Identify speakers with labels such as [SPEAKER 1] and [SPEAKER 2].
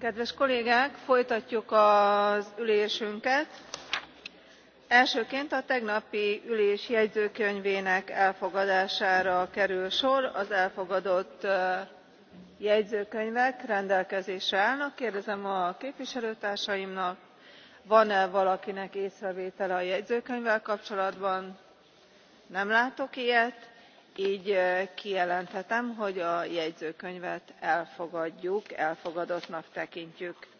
[SPEAKER 1] kedves kollégák folytatjuk az ülésünket elsőként a tegnapi ülés jegyzőkönyvének elfogadására kerül sor az elfogadott jegyzőkönyvek rendelkezésre állnak kérdezem a képviselőtársaimat van e valakinek észrevétele a jegyzőkönyvvel kapcsolatban? nem látok ilyet gy eh, kijelenthetem hogy a jegyzőkönyvet elfogadjuk elfogadottnak
[SPEAKER 2] tekintjük.